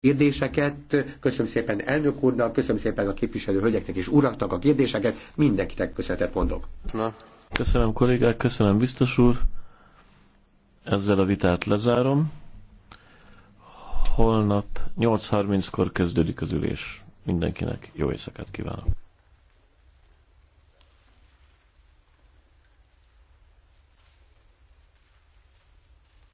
kérdéseket. Köszönöm szépen elnök úrnak, köszönöm szépen a képviselő hölgyeknek és uraknak a kérdéseket. Mindenkinek köszönetet mondok. Na. Köszönöm kollégák, köszönöm biztos úr. Ezzel a vitát lezárom. Holnap 8.30-kor kezdődik az ülés. Mindenkinek jó éjszakát kívánok.